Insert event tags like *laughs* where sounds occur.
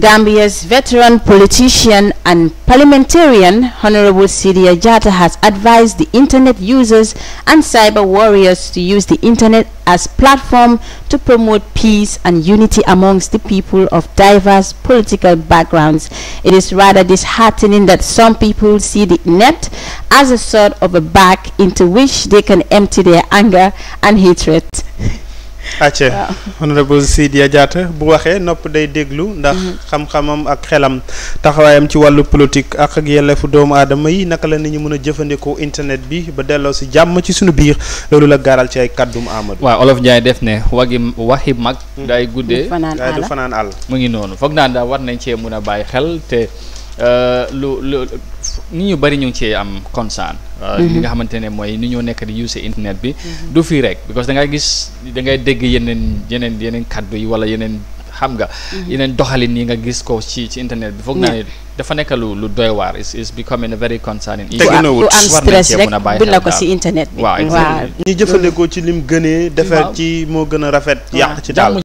Gambia's veteran politician and parliamentarian Honorable Sidi Ajata has advised the internet users and cyber warriors to use the internet as platform to promote peace and unity amongst the people of diverse political backgrounds. It is rather disheartening that some people see the net as a sort of a bag into which they can empty their anger and hatred. *laughs* acca *laughs* honorable Sidia Diatta bu waxee nopp day déglu ndax mm-hmm. xam-xamam ak xelam taxawaayam ci wàllu politique ak ak yelleefu doomu aadama yi naka la nit ñu mën a jëfandikoo internet bi ba delloo si jàmm ci suñu biir loolu la gaaral ci ay kàddum Amadou waa olof Ndiaye def ne wagi waxi mag mm-hmm. day guddee day du fanaan àll mu ngi noonu foog naa daal war nañ cee mën a bàyyi xel te euh, lu lu ni ñu bëri ñu ngi ci am concern euh, mhm. li nga xamante ne mooy ni ñoo nekk di use internet bi mhm. du fii rek because da ngay gis da ngay yeneen yeneen kaddu yi wala yeneen xam nga mhm. yeneen doxalin yi nga gis ko ci ci internet bi foog naa ne dafa nekk lu lu doy waar is is becoming a very concerning teginawut am stress rek bi la ko si internet bi waaw ñu jëfandikoo ci lim gënee defar ci moo gën a rafet yàq ci daal